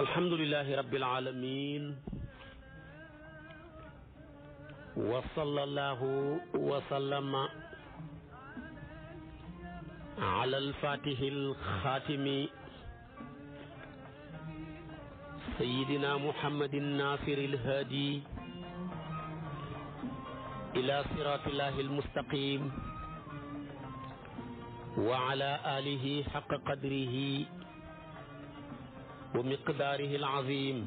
alhamdulilahi rabbil alamin wa sallallahu wa sallama ala alfatihi alxaatimi sayidina muhammadin nasiri alhaadi ila siratillahi almustaqim wa ala alihi xaqa qadrihi wa miqdaarihi alazim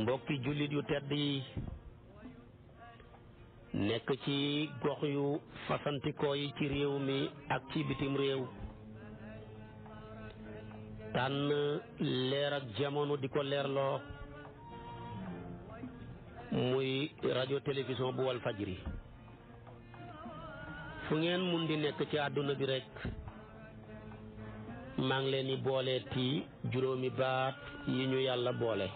mbokki jullit yu tedd yi nekk ci gox yu fasantikoo yi ci réew mi ak ci bitim réew tànn leer ak jamono di ko leerloo muy rajo télévision bu Walfajri fu ngeen mun di nekk ci àdduna bi rekk maa ngi leen di boole ti juróomi baat yi ñu yàlla boole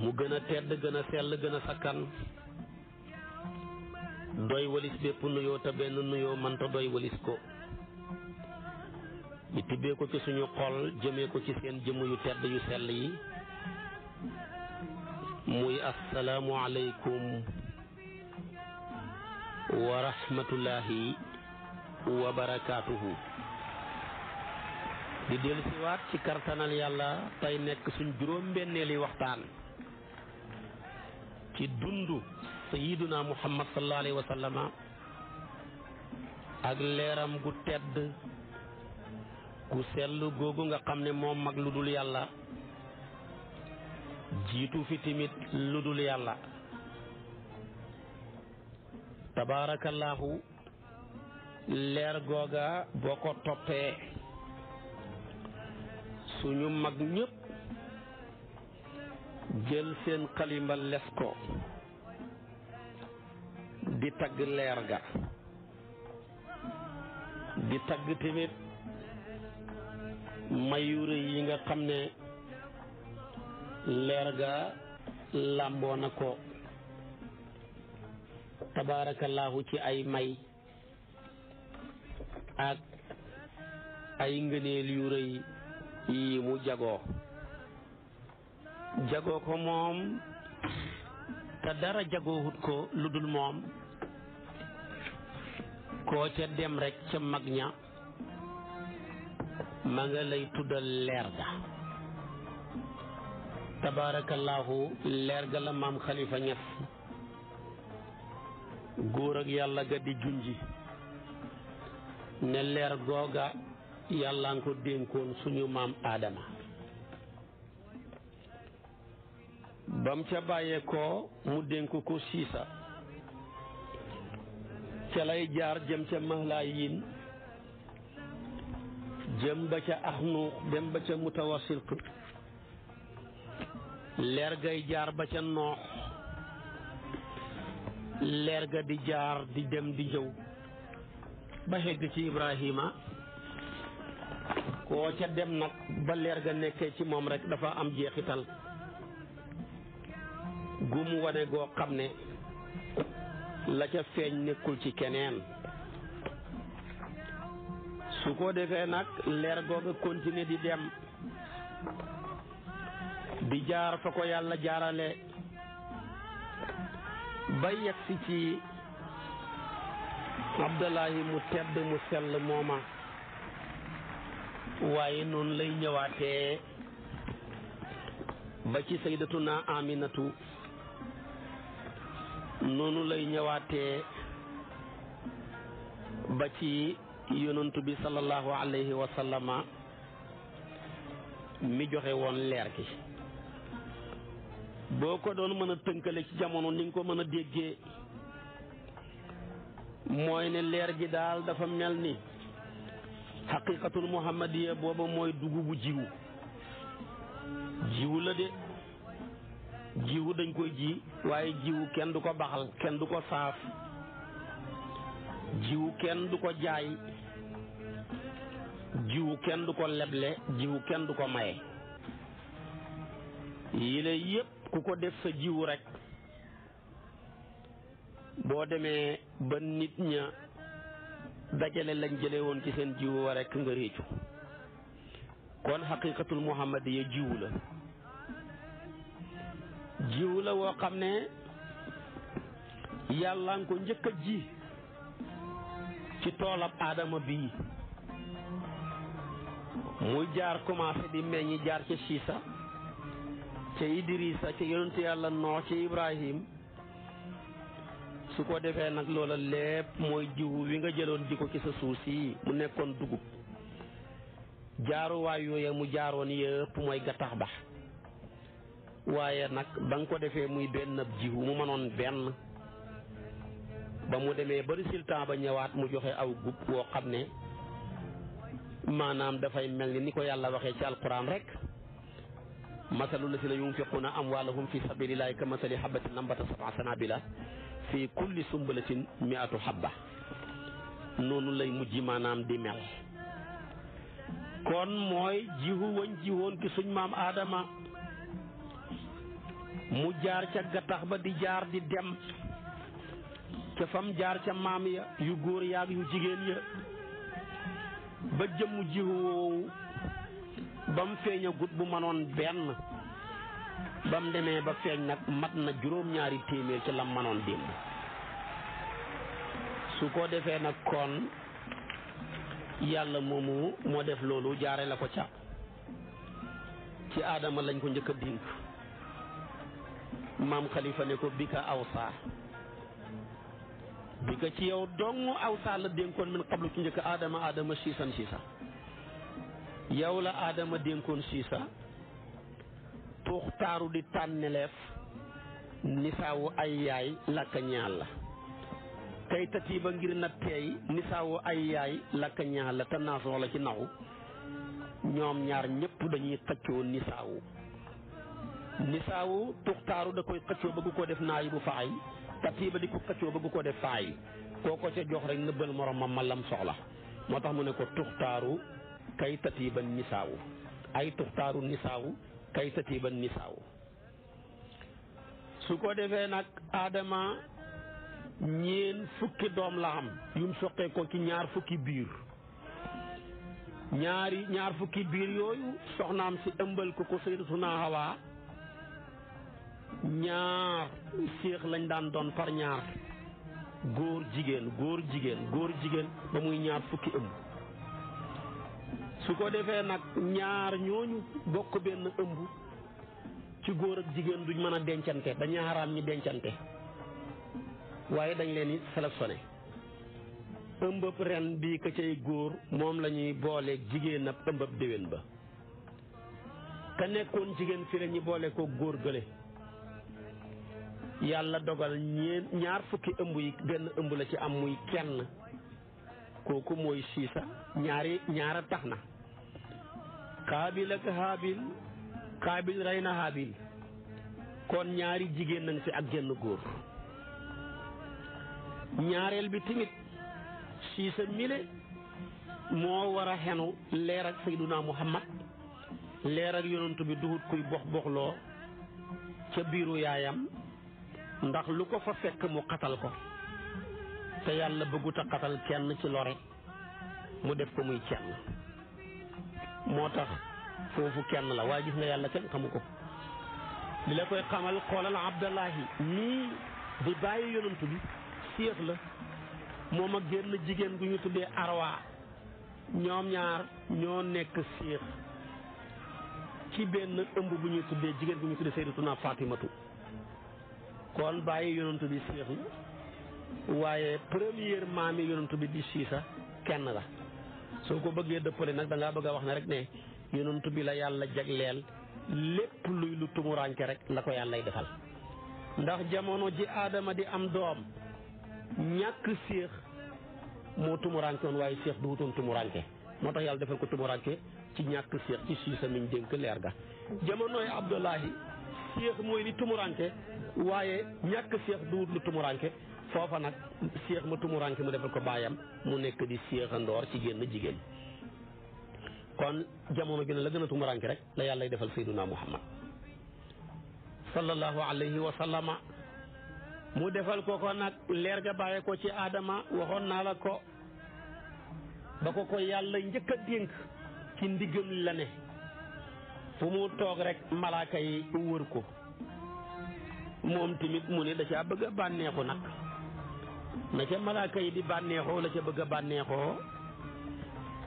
mu gën a tedd gën a sell gën a sakkan doy walis bépp nuyoo te benn nuyoo mënta doy walis ko ñu tibbee ko ci suñu xol jëmee ko ci seen jëmm yu tedd yu sell yi muy asalaamu aleykum wa rahmatullahi wa barakaatuhu di dellusiwaat ci kartanal yàlla tey nekk suñ juróom-benneeli waxtaan ci dundu sayiduna muhammad sallallahu alayhi ak leeram gu tedd gu sell googu nga xam ne moom mag lu dul yàlla jiitu fi timit lu dul yàlla tabaarakallaahu leer googa boo ko toppee ñu mag ñépp jël seen xalima les ko di tagg leer ga di tagg tamit mayure yi nga xam ne leer ga làmboo na ko tabaarakallaahu ci ay may ak ay ngëneel yu rëy yi mu jagoo jagoo ko moom te dara jagoohut ko lu dul moom koo ca dem rekk ca mag ña ma nga lay tuddal leer ga tabaarakallaahu leer ga la maam xalifa ñas góor ak yàlla ga di junji ne leer googa yàlla nga ko dénkoon suñu maam aadama ba ca bàyyee mu dénk ko siisa ca lay jaar jëm ca mahlaayin jëm ba ca axnuux dem ba ca mutawassit leer gay jaar ba ca noox leer ga di jaar di dem di jëw ba xegg ci Ibrahima koo ca dem nag ba leer ga nekkee ci moom rek dafa am jeexital gum wane goo xam ne la ca feeñ nekkul ci keneen su ko defee nag leer googa continuer di dem di jaar fa ko yàlla jaarale ba yegsi ci Abdullahi mu tedd mu sell mooma waaye noonu lay ñëwaatee ba ci saydatuna aminatu noonu lay ñëwaatee ba ci yonantu bi sallallahu alayhi wa mi joxe woon leer gi boo ko doon mën a tënkale ci jamono ni nga ko mën a déggee mooy ne leer gi daal dafa mel ni xaqiqatul muhammadiya booba mooy dugubu jiwu jiw la de jiw dañ koy ji waaye jiw kenn du ko baxal kenn du ko saaf jiwu kenn du ko jaay jiw kenn du ko leble jiw kenn du ko maye yile yépp ku ko def sa jiwu rek boo demee ba nit ña dajale lañ jële woon ci seen jiwu wa rek nga réccu kon xaqiqatul muhammad ya jiwu la jiw la woo xam ne yàlla nga ko njëkk a ji ci toolab aadama bi muy jaar commencé bi meññi jaar ca siisa ca Idrissa ca yonentu yàlla noox ci Ibrahim su ko defee nag loola lépp mooy jiwu wi nga jëloon di ko ci sa suuf si mu nekkoon dugub jaaruwaay yooya mu jaaroon yëpp mooy gattax ba waaye nag ba nga ko defee muy benn ab jiwu mu mënoon benn ba mu demee ba résultat ba ñëwaat mu joxe aw gub woo xam ne maanaam dafay mel ni ni ko yàlla waxee ci alquran rek masalu lazina yunfiquuna amwaalahum fi sabilillahi ka masali habatin nambata sab'a sanabila fi kulli sumbalatin mi'atu habba noonu lay mujj maanaam di mel kon mooy jiwu wañ jiwoon ki suñ maam aadama mu jaar ca gattax ba di jaar di dem ca fam jaar ca maam ya yu góor yaag yu jigéen ya ba jëmm jiwu ba mu feeñagut bu manoon benn ba mu demee ba feeñ nag mat na juróom-ñaari téeméer ci la manoon démb su ko defee nag kon yàlla moomu moo def loolu jaare la ko ca ci aadama lañ ko njëkk a dénk maam xalifa ne ko bi ka awsaa bi ka ci yow dong awsaa la dénkoon min xablu ci njëkk aadama aadama siisan siisa yow la aadama dénkoon siisa tuux taaru di tànneleef nisaawu ay yaay làkka ñaal la kay tatiiba ngir natteey nisaawu ay yaay làkka ñaal la te naasoo la ci naw ñoom ñaar ñépp dañuy xëccoo nisaawu nisaawu tuxtaaru da koy xëccoo bëgg koo def naayi bu faay tatiiba di ko xëccoo bëgg koo def koo ko ca jox rek nëbbal moroomam ma lam soxla moo tax mu ne ko tuxtaaru kay ba nisaawu ay tuxtaaru nisaawu kay tatiiban nisaawu su ko defee nag aadama ñeen fukki doom la am yum soqee ko ci ñaar fukki biir ñaari ñaar fukki biir yooyu soxnaam si ëmbal ko ko su Hawa ñaar séex lañ daan doon par ñaar góor jigéen góor jigéen góor jigéen ba muy ñaar fukki ëmb su ko defee nag ñaar ñooñu bokk benn ëmb ci góor ak jigéen duñ mën a dencante dañuy xaraam ñi dencante waaye dañ leen di sélectionné ëmbëb ren bi ka cay góor moom la ñuy boole jigéen ab ëmbëb déwén ba ka nekkoon jigéen fi la boole ko góor gële yàlla dogal ñeen ñaar fukki ëmb yi benn ëmb la ci am muy kenn kooku mooy siisa ñaari ñaar tax na kaabil ak haabil kaabil rey na haabil kon ñaari jigéen nañ fi ak genn góor ñaareel bi tamit siisa mile moo war a xenu leer ak sayduna muhammad leer ak yonantu bi duhut kuy box boxloo ca biiru yaayam ndax lu ko fa fekk mu xatal ko te yàlla bëggut a xatal kenn ci lore mu def ko muy kenn moo tax foofu kenn la waaye gis nga yàlla kenn xamu ko li la koy xamal xoolal abdallahi nii di bàyyi yonantu bi séex la moom ak génn jigéen gu ñu tuddee arwa ñoom ñaar ñoo nekk séex ci benn ëmb bu ñuy tuddee jigéen bu ñuy tuddee sayyidatuna fatimatu kon bàyyi yonantu bi séex la waaye première maami yonantu bi di siisa kenn la soo ko bëggee dëppale nag da ngaa bëgg a wax ne rek ne yonent bi la yàlla jagleel lépp luy lu tumuraanke rek la ko yàllay defal ndax jamono ji aadama di am doom ñàkk séex moo tumuraanke woon waaye séex du tumuraanke moo tax yàlla defal ko tumuraanke ci ñàkk séex ci siisa miñ dénk leer ga jamonooy abdullahi séex mooy li tumuraanke waaye ñàkk séex du lu tumuraanke foofa nag séex ma tumuranke mu defal ko baayam mu nekk di séexandoor ci génn jigéen kon jamono ju ne la gën a tumuranke rek la yàlla defal sayduna muhammad sallallahu alayhi wa sallama mu defal ko ko nag leer ga bàyyee ko ci aadama waxoon naa la ko ba ko ko yàlla njëkk a dénk ci ndiggam la ne fu mu toog rek malaaka yi wër ko moom tamit mu ne da caa bëgg a bànneexu nag na ca malaaka yi di bànneexoo la ca bëgg a bànneexoo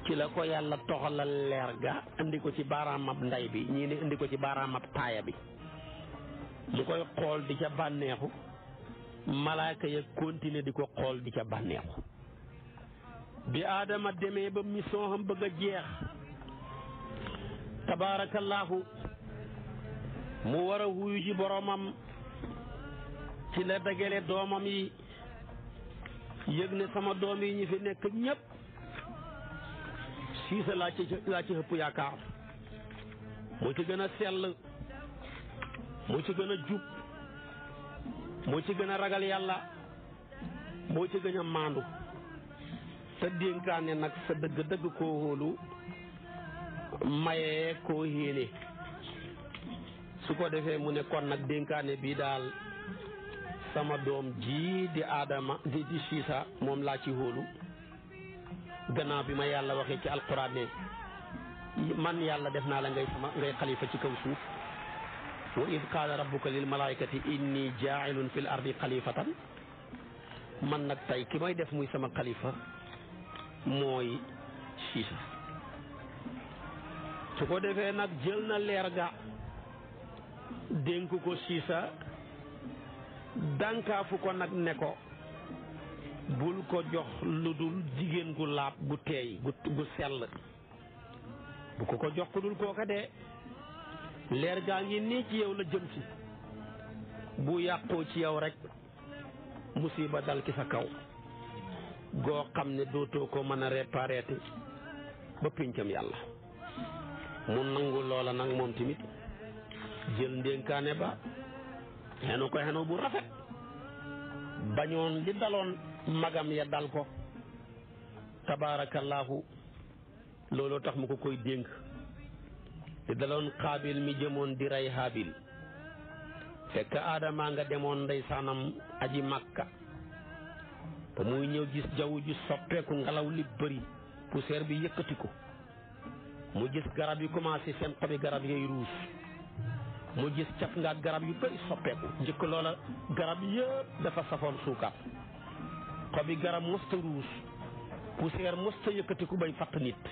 ci la ko yàlla toxalal leer ga indi ko ci baaraamab ndey bi ñii ne indi ko ci baaraamab taaya bi mu koy xool di ca bànneexu malaaka ya continuer di ko xool di ca bànneexu bi aadama demee ba mission xam bëgg a jeex tabaarakallaahu mu war a wuyu ci boromam ci la dagale doomam yi yëg ne sama doom yi ñu fi nekk ñépp siise laa ci laa ci ëpp yaakaar moo ci gën a sell moo ci gën a jub moo ci gën a ragal yàlla moo ci gën a maandu te dénkaane nag sa dëgg dëgg koo hóolu mayee koo su ko defee mu ne kon nag dénkaane bii daal sama doom ji di aadama di di siisa moom laa ci hóolu gannaaw bi ma yàlla waxee ci alxuraan ne man yàlla def naa la ngay sama ngay xalifa ci kaw suuf wa id qaala rabbuka lil malaikati inni jaailun fil ardi xalifatan man nag tey ki may def muy sama xalifa mooy siisa su ko defee nag jël na leer ga dénk ko siisa dànkaafu ko nag ne ko bul ko jox lu dul jigéen gu laab gu teey gu sell bu ko ko jox ku dul kooka de leer gaa ngi nii ci yow la jëm ci bu yàqoo ci yow rekk musiba dal ci sa kaw goo xam ne dootoo ko mën a réparé ba pincam yàlla mu nangu loola nag moom tamit jël ndénkaane ba xenu ko xenu bu rafet bañoon li daloon magam ya dal ko tabaarakallaahu looloo tax mu ko koy dénk li daloon xaabil mi jëmoon di rey haabil fekk aadamaa nga demoon ndeysaanam aji màkka ba muy ñëw gis jaww ji soppeeku ngelaw li bëri poussière bi yëkkati ko mu gis garab yi commencé seen xobi garab yay ruus mu gis cat nga garab yu bëri soppeeku njëkk loola garab yëpp dafa safoon suukar xobi garab mosta ruus poussière mosta yëkkati bay fatt nit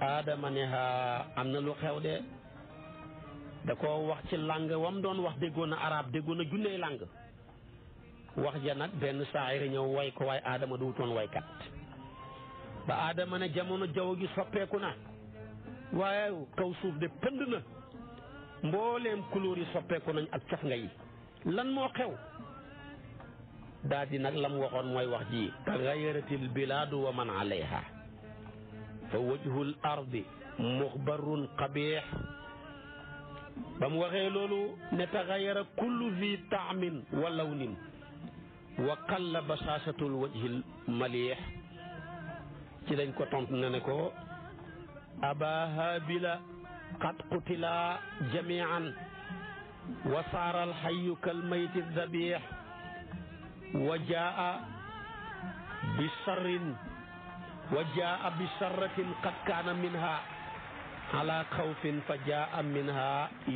aadama ne am na lu xew de da ko wax ci làng wam doon wax déggoon a arab déggoon a junney làng wax ja nag benn saayir ñëw way ko waaye aadama du wutoon waykat ba aadama ne jamono jaww gi soppeeku na waaye kaw suuf de pënd na mbooleem couleur yi soppeeku nañ ak cof nga lan moo xew nag lam waxoon mooy wax ji ka gayratil bilaadu wa man alayha fa wajhul ardi muxbarun qabiix ba mu waxee loolu ne taxayara kullu vi taamin wa lawnin wa qalla basaasatul wajhil maliix ci lañ ko tontu ne ne ko aba habila qad qutilaa jamiican wa saara alxayu kalmayti dabiix wa jaa bi sarrin wa jaa bi sarratin qad kaana minha ala xawfin fa jaa minha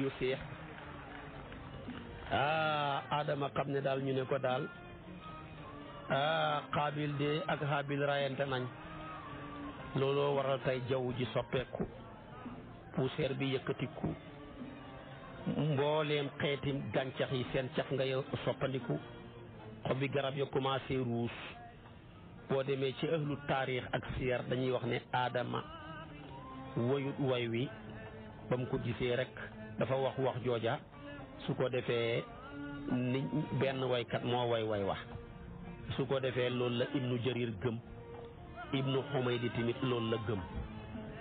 yusiix aa ah, Adama xam ne daal ñu ne ko daal aa ah, Qaabil de ak Haabil rayante nañ looloo waral tey jaww ji soppeeku bu poussière bi yëkkatiku mbooleem xeeti gàncax yi seen caf ngay soppandiku xobi garab ya commencé ruus boo demee ci ëhlu taarix ak siyar dañuy wax ne aadama wayut way wi ba mu ko gisee rek dafa wax wax jooja su ko defee ni benn waykat moo woy way wax su ko defee loolu la ibnu jarir gëm ibnu xumaydi tamit loolu la gëm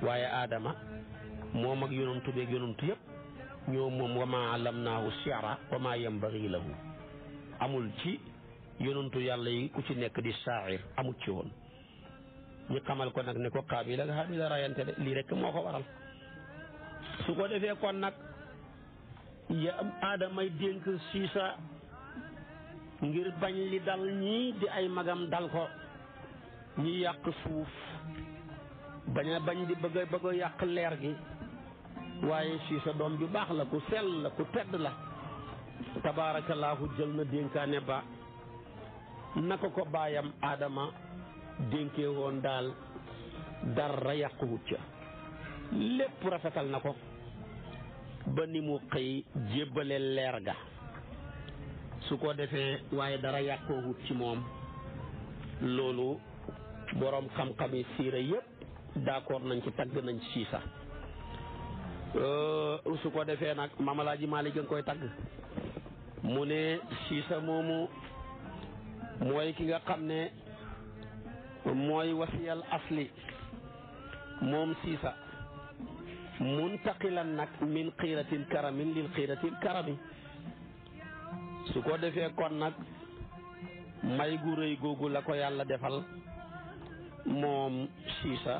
waaye aadama moom ak yonantu beeg yonantu yëpp ñoo moom wama allamnaahu si'ra wama yanbaghi lahu amul ci yonantu yàlla yi ku ci nekk di saa'ir amul ci woon ñu xamal ko nag ni ko Qaabil yi Haabil rayante de lii rek moo ko waral su ko defee kon nag ya aadamay dénk siisa ngir bañ li dal ñii di ay magam dal ko ñi yàq fuuf bañ bañ di bëgg bëgg yàq leer gi waaye si sa doom ju baax la ku sel la ku tedd la tabaarakallaahu jël na dénkaane ba naka ko baayam aadama dénkee woon daal dara yàquwut ca lépp rafetal na ko ba ni mu xëy jébbale leer ga su ko defee waaye dara yàqoowut ci moom loolu boroom xam-xami siira yépp d'accord nañ ci tagg nañ ci siisa Euh, su ko defee nag mamalaaji Maalik nga koy tagg mu ne siisa moomu mooy ki nga xam ne mooy wasiyal asli moom siisa muntaqilan nag miin xiiratil karamin lil karami su ko defee kon nag may gu rëy googu la ko yàlla defal moom siisa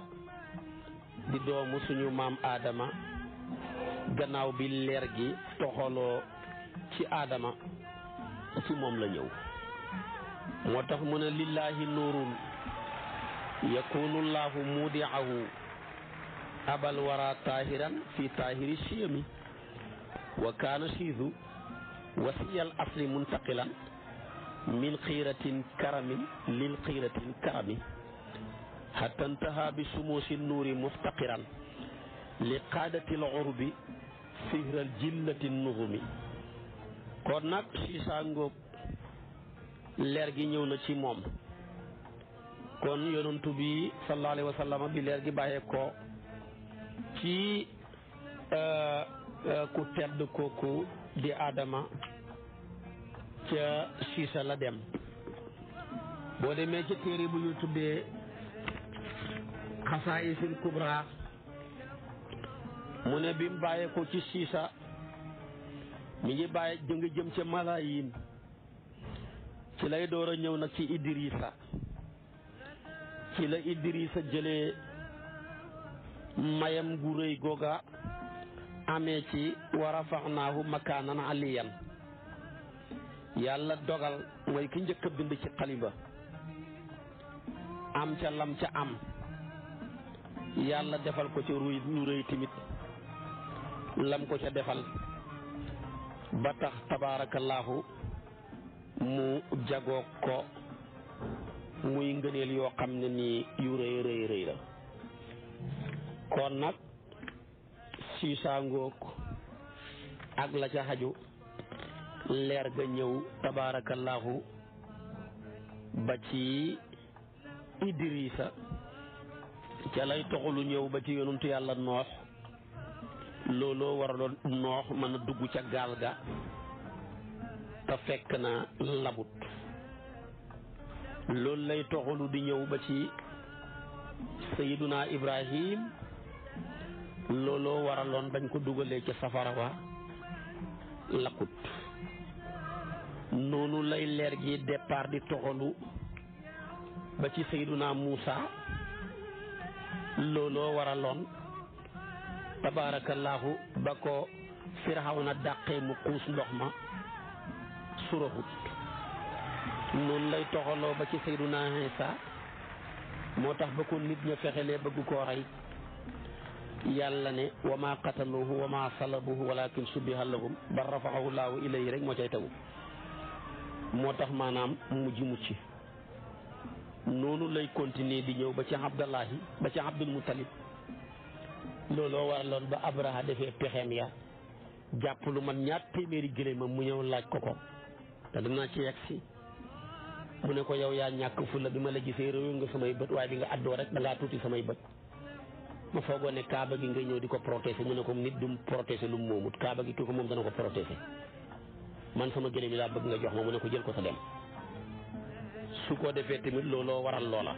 di doomu suñu maam aadama gannaaw bi leer gi toxaloo ci aadama ci moom la ñëw moo tax mu ne lillaahi nuurun yakunu llaahu mudiahu abal wara taahiran fi taahiri siyami wa kaana siidu wasiyal asli muntaqilan min xiiratin karamin lil xiiratin karami hatta ntaha bi sumuusi nuuri muftaqiran li qaadatil urbi fihral jillati nuxumi kon nag siisaa ngóob leer gi ñëw na ci moom kon yonantu bi sallallahu alayhi wa bi leer gi bàyyeekoo ci euh, euh, ku tedd kooku di Adama ca siisa la dem boo demee ca téere bu ñu tuddee xasaayisil kubra mu ne bi mu bàyyee ko ci siisa mi ngi bàyyi ngi jëm ci malaayin ci lay door a ñëw nag ci Idrissa ci la Idrissa jële mayam gu rëy googa amee ci wa rafaxnaahu makaanan aliyan yàlla dogal mooy ki njëkk a bind ci xaliba am ca lam ca am yàlla defal ko ci ruy lu lam ko ca defal ba tax tabaarakallaahu mu jagoo ko muy ngëneel yoo xam ne nii yu rëy rëy rëy la kon nag siisaa ngoog ak la ca xaju leer ga ñëw tabaarakallaahu ba ci Idrisa ca lay toxalu ñëw ba ci yonantu yàlla noox looloo waraloon noox mën dugg ca gaal ga te fekk na labut loolu lay toxalu di ñëw ba ci sayiduna ibrahim looloo waraloon bañ ko dugalee ci safara wa lakkut noonu lay leer gi départ di toxalu ba ci sayiduna muusa looloo waraloon tabaarakallaahu ba ko firawna dàqee mu xuus ndox ma suraxut noonu lay toxaloo ba ci Seydunaa Iisaa moo tax ba ko nit ña lee bëgg koo rey yàlla ne wa ma qataluhu wa ma salabuhu walakin subbiha lahum ba rafaxahu laahu ilayhi rek moo cay tegu moo tax maanaam mujj mucc noonu lay continuer di ñëw ba ci Abdallahi ba ci Abdul Muttalib looloo waraloon ba Abraha defee pexeem ya jàpp lu man ñaar téeméeri gëléemam mu ñëw laaj ko ko te danaa ci yegg si mu ne ko yaa ñàkk fulla bi ma la gisee réew nga samay bët bi nga àddoo rek da ngaa tuuti samay bët foogoo ne kaaba gi nga ñëw di ko protéger mu ne ko nit du protéger lu mu moomut kaaba gi kii ko moom dana ko protéger man sama gëléem yi laa bëgg nga jox ma mu ne ko jël ko sa dem defee tamit looloo waral loola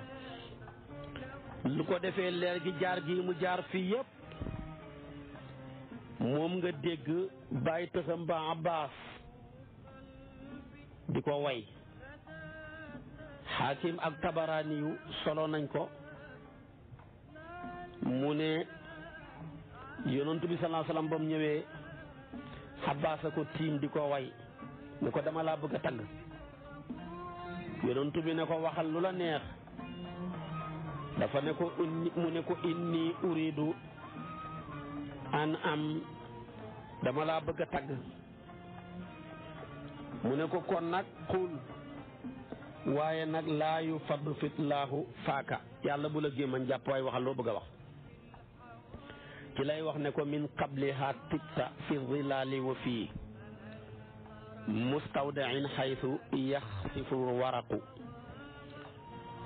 lu ko defee leer gi jaar gi mu jaar fii yëpp moom nga dégg bàyyi tësam ba Abbas di ko way xaakim ak tabaraani yu solo nañ ko mu ne yonantu bi salaa salaam ba mu ñëwee Abbas a ko tiim di ko way ne ko dama laa bëgg a tagg yonantu bi ne ko waxal lu la neex dafa ne ko inni mu ne ko inni uridu an am dama laa bëgg a tagg mu ne ko kon nag xul waaye nag laa yu fab fitlaahu faaka yàlla bu la gémmañ jàpp waaye waxal loo bëgg a wax ci lay wax ne ko min qabliha tibta fi zilaali wa fii mustawdain xaytu yaxsifu waraqu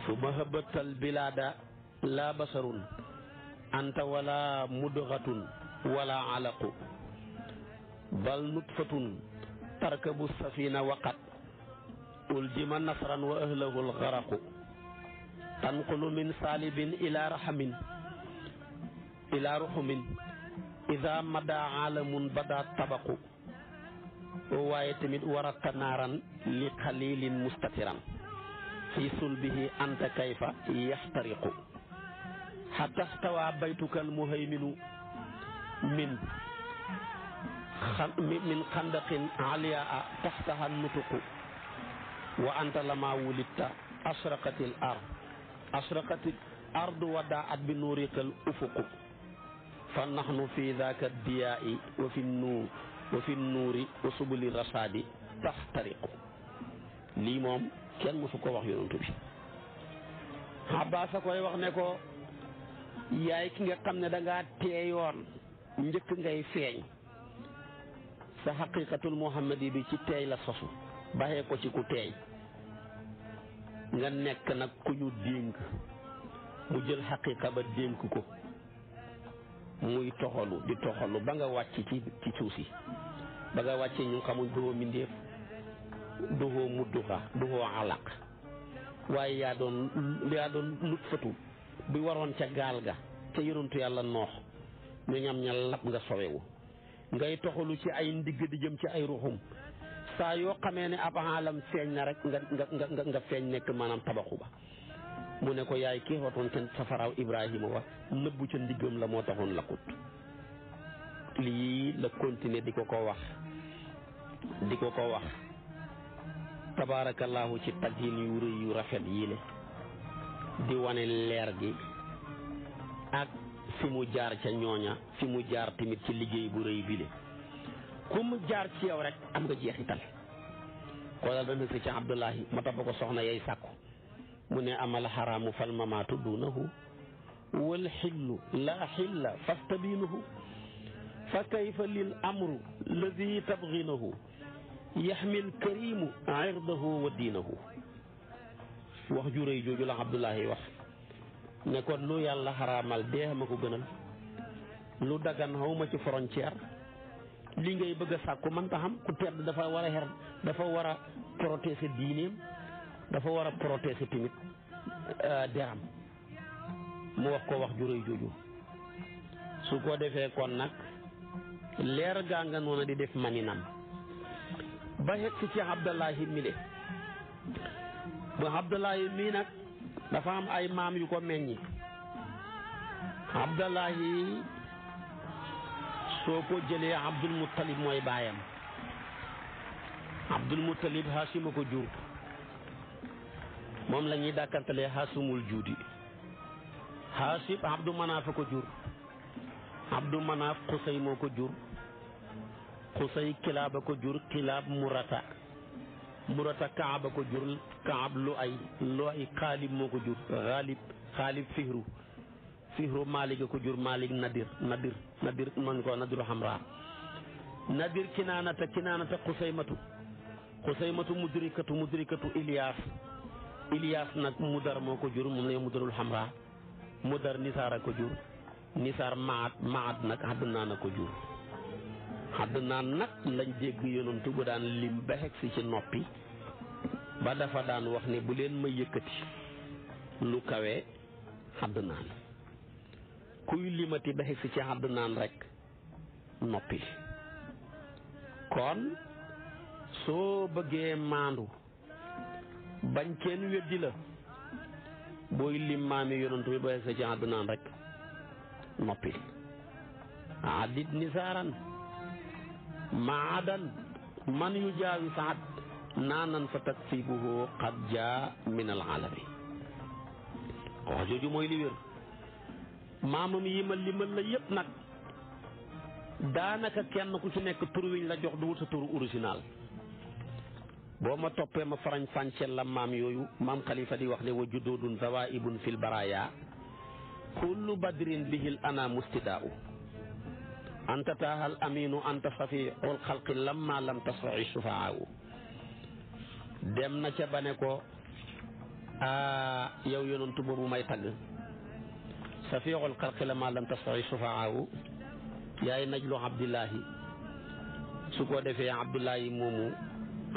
suma hëbbatal bilaada laa basarun anta wala mudgatun wala alaqu bal nutfatun tarkabu safina waqat uljima nasran wa ahlahu algaraqu tanqulu min salibin ila rahamin ila ruhumin ida mada alamun bada tabaqu waaye tamit warata naaran li xalilin mustatiran fi sulbihi anta kayfa yaxtariqu xatta stawaa baytuka almuhayminu min min xandaqin aliyaa taxtaha nutuqu wa anta lama wulitta asraqatil ard asraqatil ard wadaat bi nuurikal ufuqu fa nahnu fi daaka diyaai wa fi nuur wa fi nuuri wa subuli rasaadi taftariqu lii moom kenn mosu ko wax yonantu bi Abbaas a koy wax ne ko yaay ki nga xam ne dangaa teeyoon njëkk ngay feeñ sa xaqiqatul muhammadi bi ci teey la sosu baxee ko ci ku teey nga nekk nag ku ñu dénk mu jël xaqiqa ba dénk ko muy toxalu di toxalu ba nga wàcc ci ci suuf si ba nga wàccee ñu xamuñ duhoo mbindéef duhoo mudduxa duhoo alaq waaye yaa doon yaa doon lutfatu bi waroon ca gaal ga ca yonentu yàlla noox ñu ñam ña lab nga sowewu ngay toxalu ci ay ndigg di jëm ci ay ruxum saa yoo xamee ne ab xaalam feeñ na rek nga nga nga feeñ nekk maanaam tabaxu ba mu ne ko yaay kii watoon ca safaraaw Ibrahima wa nëbbu ca ndiggam la moo taxoon lakkut lii la continuer di ko ko wax di ko ko wax tabaarakallaahu ci tajin yu rëy yu rafet yii le di wane leer gi ak fi mu jaar ca ñooña fi mu jaar tamit ci liggéey bu rëy bile ku mu jaar ci yow rek am nga jeexital xoolal dana fi ca Abdullahi ma tax ba ko soxna yay sàkku mu ne amal xaraamu fal mamaatu duunahu wal xillu laa xilla fastabiinuhu fa kayfa lil amru lazi tabginahu yaxmil karimu irdahu wax ju rëy jooju la Abdullahi wax ne kon lu yàlla xaraamal dee ma ko gënal lu dagan xaw ma ci frontière li ngay bëgg a sàkku mënta xam ku tedd dafa war a xer dafa war a protéger diineem dafa war a protéger tamit euh, deram mu wax ko wax juróoy jooju su ko defee kon nag leer gaa nga noona di def maninam ba xeg si ci Abdallahi mi de bu Abdallahi nag dafa am ay maam yu ko meññi abdallahi soo ko jëlee abdul muttalib mooy baayam abdul muttalib haashima ko jur moom la ñuy dàkkantalee haasumul juudi haashim abdu manaaf ko jur abdu manaaf xusay moo ko jur xusay kilaab ko jur kilaab murata murata kaaba ko jur kaab lu ay lu ay xaalib moo ko jur xaalib xaalib fihru fihru malik ko jur malik nadir nadir nadir man ko nadiru xamra nadir kinaanata kinaanata xusaymatu xusaymatu mudrikatu mudrikatu ilias ilias nag mudar moo ko jur moom la mudar nisaara ko jur nisaar maat maat nag xaddunaa na ko jur xadd naan nag lañ dégg yonantu bu daan lim ba xeg ci noppi ba dafa daan wax ne bu leen ma yëkkati lu kawe xadd naan kuy limati ba xeg ci xadd naan rekk noppi kon soo bëggee maandu booy lim maami yonantu maadan man yu jaawi saat naanan fa takfibuhu qad jaa min al alami wax jooju mooy li wér maamam yi ma limal la yépp nag daanaka kenn ku ci nekk tur wiñ la jox du wut sa tur original boo ma toppee ma farañ fànceel la maam yooyu maam xalifa di wax ne wa judoodun zawaibun fil baraya kullu badrin bihil ana mustidaau anta taahal aminu anta safiul xalqi lamma lam tastai sufaawu dem na ca bane ko a yow yonantu boobu may tagg safiul xalqi lamma lam tastai sufaawu yaay najlu abdillahi su ko defee abdullahi moomu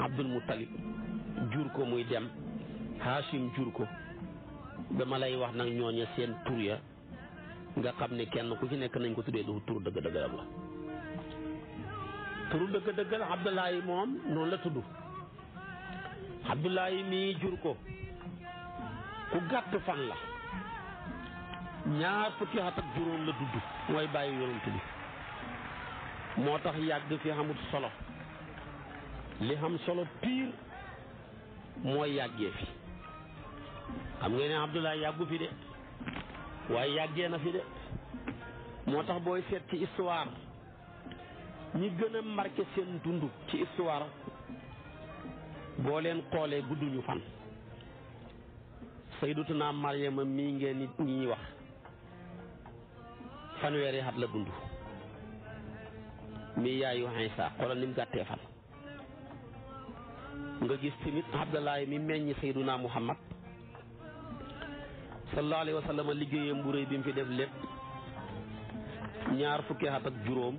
abdul muttalib jur ko muy dem haashim jur ko dama lay wax nag ñooña seen tur ya nga xam ne kenn ku ci nekk nañ ko tuddee du turu dëgg dëggalam la turu dëgg dëggal Abdoulaye moom noonu la tudd Abdoulaye mii jur ko ku gàtt fan la ñaar fukki at ak juróom la dudd mooy bàyyi yonent bi moo tax yàgg fi xamut solo li xam solo pire mooy yàggee fi xam ngeen ne Abdoulaye yàggu fi de waaye yàggee na fi de moo tax booy seet ci histoire ñi gën a marqué seen dund ci histoire boo leen xoolee gudduñu fan sayyidatuna Maryama mii ngeen ñi wax fanweeri at la dund mii yu Iisaa xoolal ni mu gàttee fan nga gis tamit Abdalaahi mi meññ sayyiduna Muhammad sallallahu alayhi wa sallam liggéeyam bu rëy bi mu fi def lépp ñaar fukki at ak juróom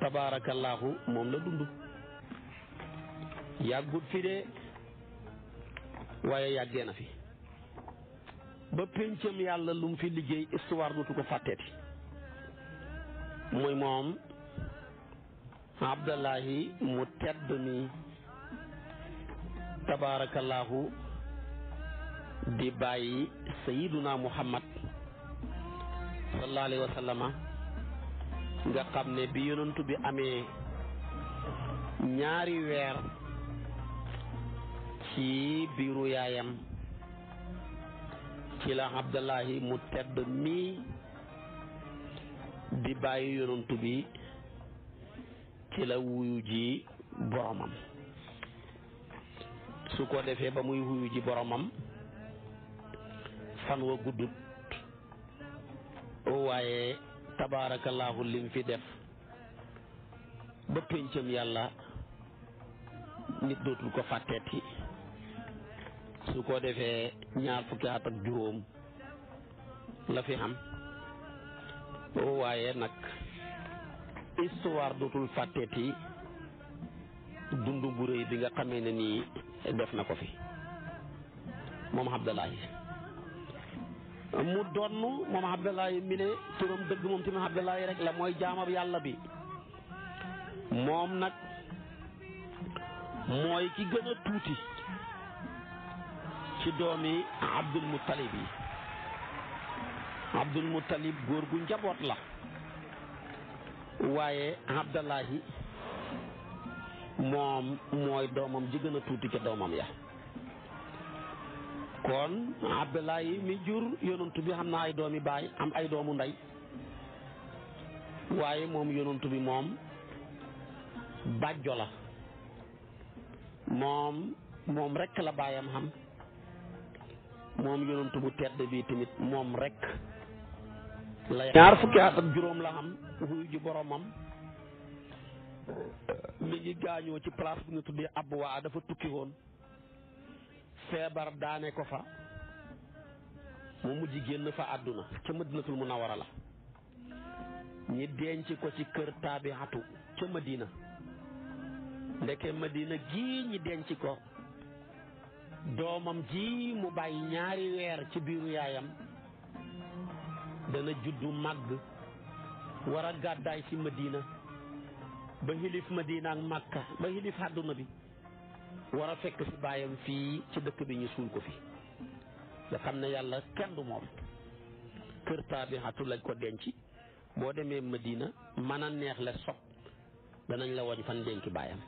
tabaarakallaahu moom la dund yàggut fi de waaye yàggee na fi ba péncam yàlla lu mu fi liggéey histoire dutu ko fàtteeti muy moom Abdallahi mu tedd mi tabaarakallaahu di bàyyi sayiduna muhammad sallallahu alayhi wa nga xam ne bi yonantu bi amee ñaari weer ci biiru yaayam ci la abdallahi mu tedd mii di bàyyi yonantu bi ci la wuyu ji boromam su ko defee ba muy wuyu ji boromam fan wa guddut oh, waaye tabaarakallaahu lim fi def ba péncam yàlla nit dootul ko fàtteeti su ko defee ñaar fukki at juróom la fi am oh, waaye nag histoire dootul fàtteeti dund bu rëy bi nga xamee ne nii def na ko fi moom Abdoulaye mu donn moom Abdoulaye mi ne turam dëgg moom tamit Abdoulaye rek la mooy jaamab yàlla bi moom nag mooy ki gën tuuti ci doomi Abdul Muttalib yi Abdul Muttalib góor gu njaboot la waaye Abdullahi moom mooy doomam ji gën a tuuti ca doomam ya kon abdullahi mi jur yonantu bi xam na ay doomi baay am ay doomu ndey waaye moom yonantu bi moom bàjjo la moom moom rekk la baayam xam moom yonantu bu tedd bi tamit moom rekk la ñaar fukki at ak juróom la xam wuyu ji boromam mi ngi gaañoo ci place bi nga tuddee Abwa dafa tukki woon feebar daane ko fa mu mujj génn fa àdduna ca madinatul munawara la ñi denc ko ci kër taabixatu ca madina ndeke madina gii ñi denc ko doomam ji mu bàyyi ñaari weer ci biiru yaayam dana juddu màgg war a gàddaay ci madina ba xilif madina ak màkka ba xilif àdduna bi war a fekk si baayam fii ci dëkk bi ñu suul ko fi nga xam na yàlla kenn du moom kër taabixatu lañ ko denc boo demee Medina mën a neex la sob danañ la woñ fan denc baayam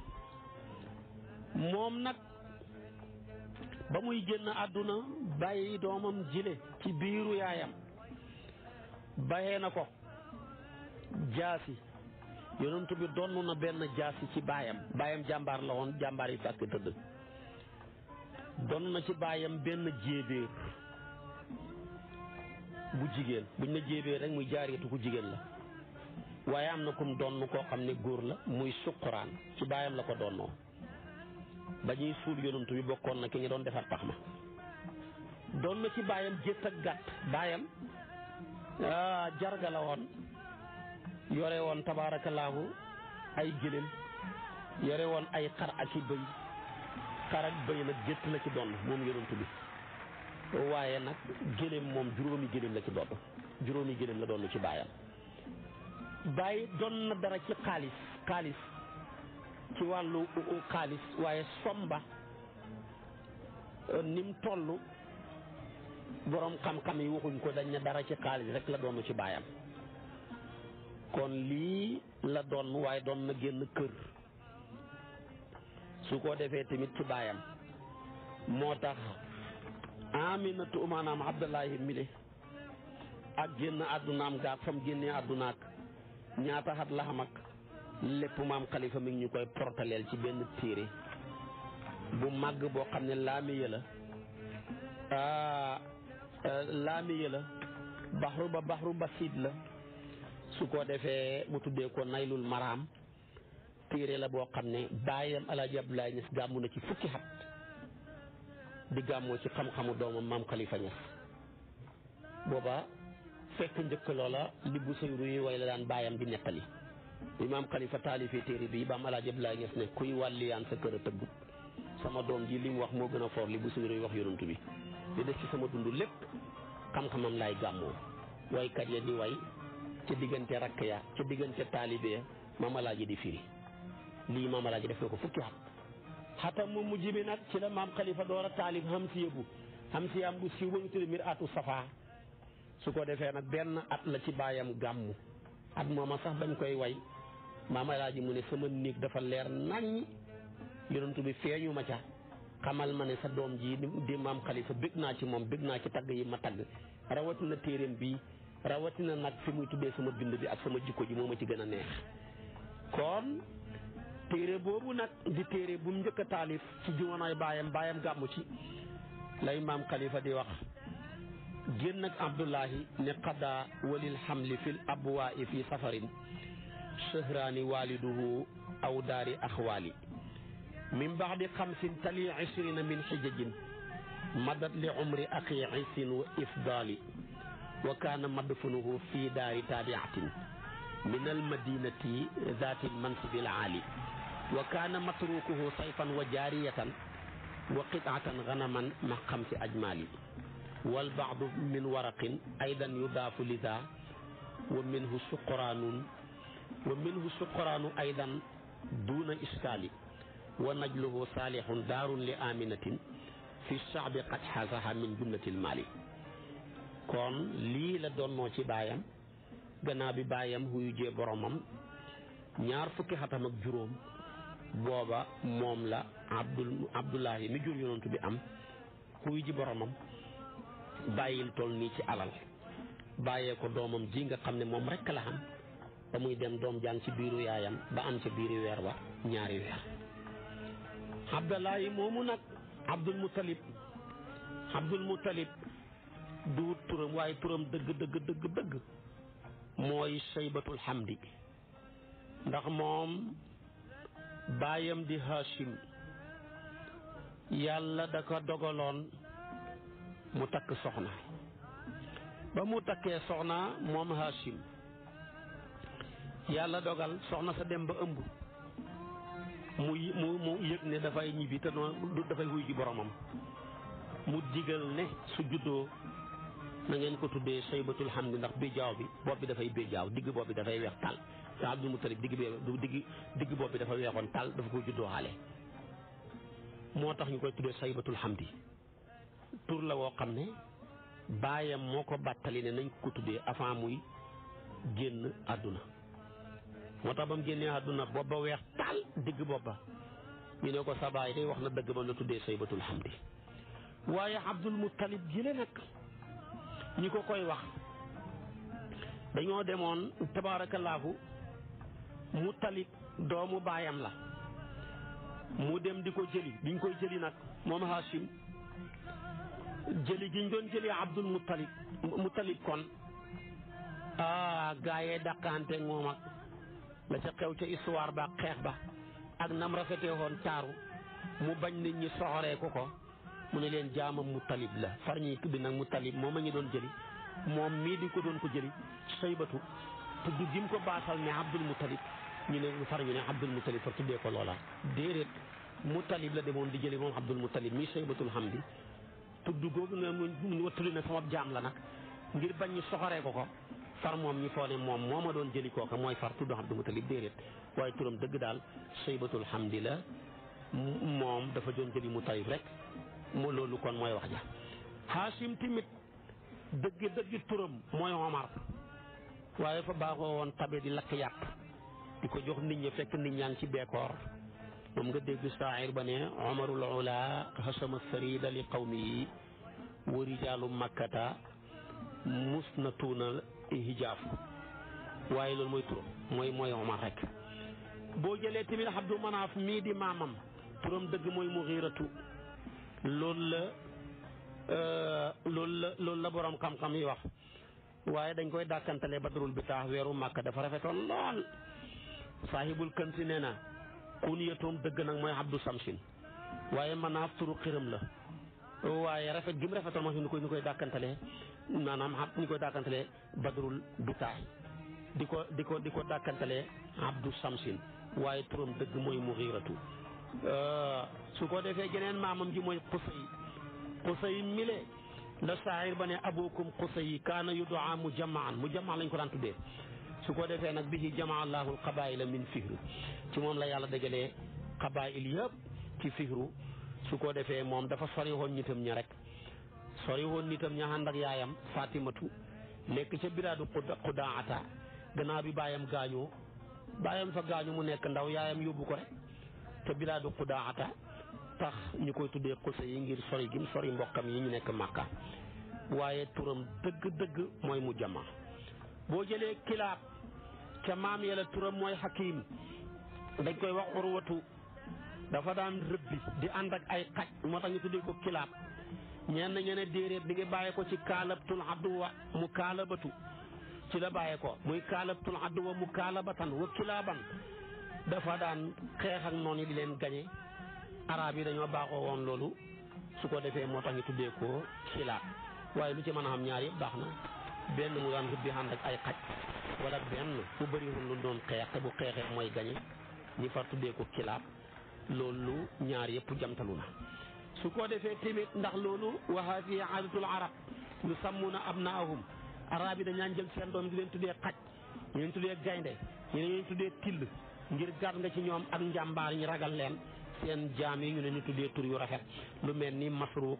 moom nag ba muy génn àdduna bàyyi doomam jile ci biiru yaayam bayee na ko jaasi yonent bi donn na benn jaasi ci baayam baayam jàmbaar la woon jàmbaar yi fàkk tëdd donn na ci baayam benn jéebéer bu jigéen buñ na jéebéer rek muy jaariyatu ku jigéen la waaye am na kum donn koo xam ne góor la muy suquraan ci baayam la ko donnoo ba ñuy suul yonent bi bokkoon na ki nga doon defar pax ma doon na ci baayam jët ak gàtt baayam ah, jarga la woon yore woon tabaarakallaahu ay gëléem yore woon ay xar ak i bëy xar ak bëy nag gétt la ci doon moom yonent bi waaye nag gëléem moom juróomi gëléem la ci doon juróomi gëléem la doon ci baayam bàyyi doon na dara ci xaalis xaalis ci wàllu xaalis waaye somba nim toll boroom xam-xam yi waxuñ ko dañ ne dara ci xaalis rek la doon ci baayam kon lii la doon waaye doon na génn kër su ko defee tamit ci baayam moo tax aminatu maanaam abdullahi mile ak génn àddunaam gaag fam génnee àddunaak ñaata xat la xam ak lépp maam xalifa mi ñu koy portaleel ci benn téere bu màgg boo xam ne laamiya la ah, eh, laamiya la baxru ba baxru basid la su ko defee mu tuddee ko naylul maraam téere la boo xam ne baayam alaaji Abdoulaye Niass gàmmu na ci fukki xat di gàmmoo ci xam-xamu doomam maam Khalifa Niass booba fekk njëkk loola li bu sëy ruy way la daan baayam di nettali li maam Khalifa taalifee téere bi ba am alaaji Abdoulaye Niass ne kuy wàlliyaan sa kër a tëgg sama doom ji li mu wax moo gën a foor li bu sëy ruy wax yonantu bi li des ci sama dund lépp xam-xamam laay gàmmoo waykat ya di way ca diggante rakk ya ca diggante taalibe ya maamalaaji di firi lii maamalaaji def ko fukki at moom mu mujj bi nag ci la maam xalifa door a taalif hamsiya bu hamsiya bu siiw ba ñu tudde mir atu safaa su ko defee nag benn at la ci baayam gàmmu at mooma sax bañ koy way maamalaaji mu ne sama néeg dafa leer nañ yonentu bi feeñu ma ca xamal ma ne sa doom ji di maam xalifa bég naa ci moom bég naa ci tagg yi ma tagg rawatina téeréem bii rawatina nag fi muy tuddee sama bind bi ak sama jikko ji moom ma ci gën a neex kon téere boobu nag di téere bu mu njëkk a taalif ci jamonoy baayam baayam gàmmu ci lay maam xalifa di wax génn ak abdullahi ne xaddaa walil xamli fil abwaa'i fi safarin sëhraani waaliduhu aw daari axwaali min baxdi xamsin tali min xijajin madat li umri axi ifdaali wa kaana madfunuhu fi daari taabiatin min almadinati zaati mansibi alaali wa kaana matrukuhu sayfan wa jaariyatan wa qitatan ganaman ma xamsi ajmaali wal baadu min waraqin aydan yudaafu lida wa minhu suqraanun wa minhu suqraanu aydan duuna iskaali wa najluhu saalihun daarun li aminatin fi shaabi qad xasaha min jumlati almaali kon lii la doon moo ci baayam gannaaw bi baayam huyu jee boromam ñaar fukki xatam ak juróom booba moom la abdul abdullahi mi jur yonantu bi am huyu ji boromam bàyyil toll nii ci alal bàyyee ko doomam ji nga xam ne moom rekk la xam ba muy dem doom jàng ci biiru yaayam ba am ci biiru weer wa ñaari weer abdullahi moomu nag abdul muttalib abdul muttalib duut turam waaye turam dëgg dëgg dëgg dëgg mooy saybatul xamdi ndax moom baayam di Hashim yàlla da ko dogaloon mu takk soxna ba mu takkee soxna moom Hashim yàlla dogal soxna sa dem ba ëmb mu mu mu yëg ne dafay ñibbi te noonu dafay wuy ji boromam mu digal ne su juddoo na ngeen ko tuddee saybatul hamdi ndax béjjaaw bi bopp bi dafay béjjaaw digg bopp bi dafay weex tàll te Abdul Mutalib digg bee digg digg bopp bi dafa weexoon tàll dafa ko juddoo xale moo tax ñu koy tuddee saybatul hamdi tur la woo xam ne baayam moo ko bàttali ne nañ ko tuddee avant muy génn àdduna moo tax ba mu génnee àdduna booba weex tàll digg booba ñu ne ko sa baay day wax na dëgg ba na tuddee saybatul hamdi waaye Abdul Mutalib jële nag ñi ko koy wax dañoo demoon tabaarakallaahu mu talib doomu baayam la mu dem di ko jëli biñ koy jëli nag moom Hashim jëli giñ doon jëli Abdul Muttalib Muttalib kon ah gaayee dàqante moom ak la ca xew ca histoire ba xeex ba ak nam rafetee woon taaru mu bañ nit ñi soxoree ko ko mu ne leen jaamam mu talib la far ñi tudd nag mu talib moom a ngi doon jëli moom mii di ko doon ko jëli saybatu tudd gim ko baatal ne abdul mutalib ñu ne far ñu ne abdul mutalib far tuddee ko loola déedéet mutalib la demoon di jëli moom abdul mutalib mii saybatul hamdi tudd googu ne mu wattali ne sama jaam la nag ngir bañ ñu soxoree ko ko far moom ñi foo ne moom moo ma doon jëli kooka mooy far tudd abdul mutalib déedéet waaye turam dëgg daal saybatul hamdi la moom dafa doon jëli mutalib rek mu loolu kon mooy wax ja Haasim tamit dëgg dëgg turam mooy Omar waaye fa baaxoo woon tabe di lakk yàq di ko jox nit ñi fekk nit ñaa ci beekoor moom nga dégg saayir ba ne omarul ula hasama sarida li qawmihi wa rijaalu makkata na hijaaf waaye loolu mooy turam mooy mooy omar rek boo jëlee tamit Abdu Manaaf mii di maamam turam dëgg mooy Mugiiratu loolu la euh, loolu la loolu la boroom xam-xam yi wax waaye dañ koy dàkkantale badrul bi taax weeru màkk dafa rafetoon lool saahibul kansi nee na kuniyatoom dëgg nag mooy Abdou Samsin waaye man naa turu xiram la waaye rafet gi mu rafetoon moo ñu koy ñu koy dàkkantale maanaam xam ñu koy dàkkantale badrul bi taax di ko di ko di ko dàkkantale Abdou Samsin waaye turam dëgg mooy muxiiratu su ko defee geneen maamam ji mooy Qusay Qusay mile la saayir ba ne abukum Qusay kaana yudaa mu jamaan mu jamaan lañ ko daan tuddee su ko defee nag bi bihi jamaa allahu qabaila min fihru ci moom la yàlla dajalee qabail yëpp ci fihru su ko defee moom dafa sori woon nitam ña rek sori woon nitam ña ànd ak yaayam fatimatu nekk ca biraadu xudaata gannaaw bi baayam gaañoo baayam fa gaañu mu nekk ndaw yaayam yóbbu ko rek te bilaadu xudaata tax ñu koy tuddee xusa yi ngir sori gim sori mbokkam yi ñu nekk màkka waaye turam dëgg-dëgg mooy mu jama boo jëlee kilaab ca maam yàlla turam mooy hakim dañ koy wax urwatu dafa daan rëbbi di ànd ak ay xaj moo tax ñu tuddee ko kilaab ñenn ñene déeréet bi ngi bàyyi ko ci kaalabtul aduwa mu kaalabatu ci la bàyyi ko muy kaalabtul aduwa mu kaalabatan wa kilaaban dafa daan xeex ak noon di leen gañe arab yi dañoo baaxoo woon loolu su ko defee moo tax ñu tuddee ko xilaat waaye lu ci mën a xam ñaar yëpp baax na benn mu daan xut bi ànd ak ay xaj wala benn bu bëriwul lu doon xeex te bu xeexee mooy gañe ñi far tuddee ko xilaat loolu ñaar yëpp jamtalu na su ko defee tamit ndax loolu wa haadihi aadatul arab na abnaahum arab yi dañ daan jël seen doom di leen tuddee xaj ñu leen tuddee gaynde ñu leen tuddee ngir gar nga ci ñoom ak njàmbaar ñi ragal leen seen jaam yi ñu ne ñu tuddee tur yu rafet lu mel ni masruuq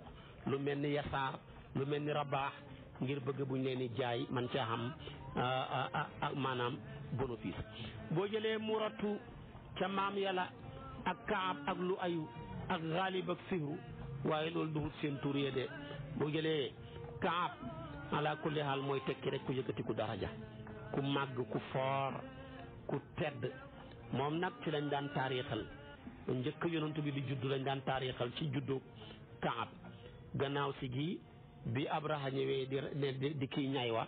lu mel ni yasaar lu mel ni rabaax ngir bëgg buñ leen di jaay man caa xam ah, ah, ah, maanaam bénéfice boo jëlee muratu ca maam yàlla ak kaab ak lu ayu ak xaalib ak sihru waaye loolu duhut seen tur yee de boo jëlee kaab ala ku haal mooy tekki rek ku yëkkatiku ku daraja ku màgg ku foor ku tedd moom nag ci lañ daan taarixal njëkk yonent bi di juddu lañ daan taarixal ci juddu Kaab gannaaw si gi bi Abraha ñëwee di di kii ñay wa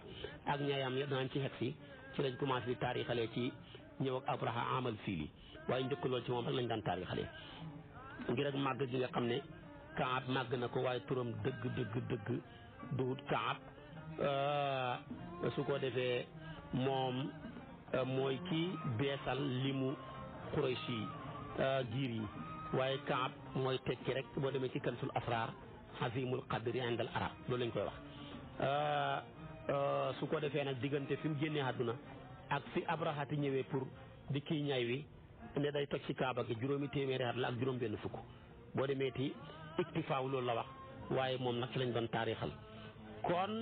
ak ñayam ya danañ ci xeg si ci lañ commencé di taarixalee ci ñëw ak Abraha amal fiili waaye njëkk lool ci moom rek lañ daan taarixalee ngir ak màgg gi nga xam ne Kaab màgg na ko waaye turam dëgg dëgg dëgg duut Kaab euh, su ko defee moom Euh, mooy ki beesal limu Quraysh yi euh, giir yi waaye Kaab mooy tekki rek boo demee ci kansul asrar azimul qadri ind al arab loolu lañ koy wax euh, su ko defee nag diggante fi mu génnee àdduna ak fi abrahati ñëwee pour di kii ñay wi ne day toj ci kaaba gi juróomi téeméeri at la ak juróom benn fukk boo demee ti iktifaaw loolu la wax waaye moom nag ci lañ doon taarixal kon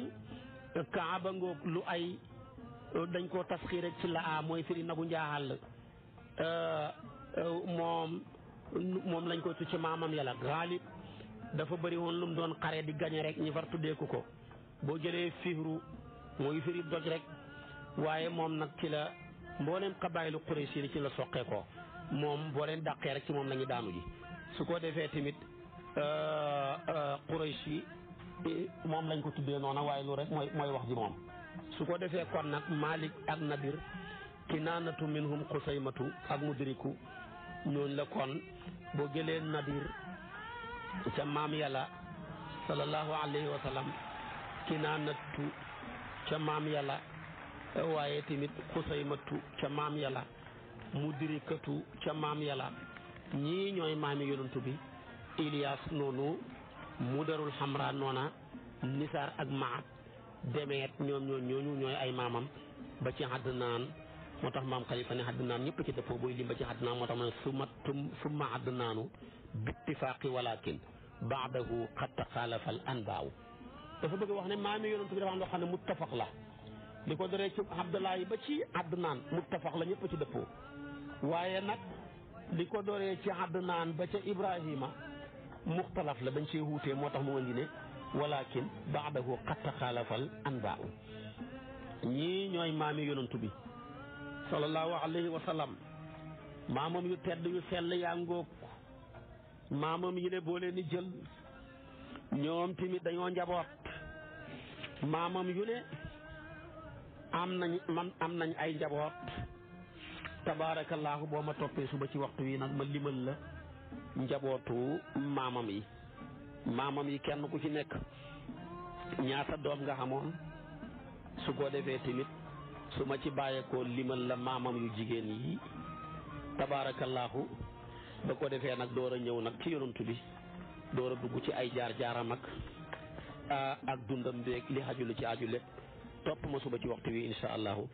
kaaba ngoog lu ay dañ koo tasxiir rek ci la a mooy firi nagu njaaxal euh, euh, moom moom lañ koy ci maamam yàlla xaalib dafa bari woon lu doon xare di gañe rek ñi far tuddee ko ko boo jëlee fihru mooy firi doj rek waaye moom nag ci la mbooleem xabaayilu Quraysh yi ci la soqee ko moom boo leen dàqee rek ci moom lañu daanu ji su ko defee tamit euh, Quraysh yi moom lañ ko tuddee noona waaye lu rek mooy mooy wax ji moom su ko defee kon nag Malik ak Nadir kinaanatu minhum matu ak mudriku ñooñ la kon boo jëlee Nadir ca maam yàlla sallallahu alayhi wa kinaanatu ca maam yàlla waaye tamit xusaymatu ca maam yàlla mudrikatu ca maam yàlla ñii ñooy maami yonantu bi Ilias noonu mudarul xamra noona nisaar ak maat demeet ñoom ñoo ñooñu ñooy ay maamam ba ci xadd naan moo tax maam xalifa ne xadd naan ñëpp ci dëppoo booy lim ba ci xadd naan moo tax ma ne suma summa xadd naanu bittifaaqi walakin baadahu qad taxaalafa al anbaaw dafa bëgg wax ne maami yonent bi dafa loo xam ne muttafaq la li ko doree ci abdalaayi ba ci adnaan la ñëpp ci dëppoo waaye nag li ko doree ci adnaan ba ca ibrahima muxtalaf la bañ cee wuutee moo tax mu indi walakin baadahu qad taxaalafal anba ñii ñooy maami yonantu bi sallallahu alayhi wa sallam maamam yu tedd yu sell yaa ngóog maamam yi ne boo leen di jël ñoom tamit dañoo njaboot maamam yu ne am nañ man am nañ ay njaboot tabaarakallaahu boo ma toppee suba ci waxtu wi nag ma limal la njabootu maamam yi maamam yi kenn ku ci nekk ñaata doom nga xamoon su ko defee tamit su ma ci bàyyeekoo limal la maamam yu jigéen yi tabaarakallaahu ba ko defee nag door a ñëw nag ci yonantu bi door a dugg ci ay jaar-jaaram ak ah, ak dundam beeg li xaju lu ci aju lépp topp ma suba ci waxtu wi insha allahu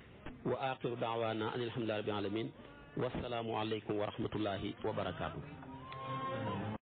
wa axiru daawaana an alhamdulillahi rabbil alamin wassalaamu aleykum wa rahmatullahi wa barakaatu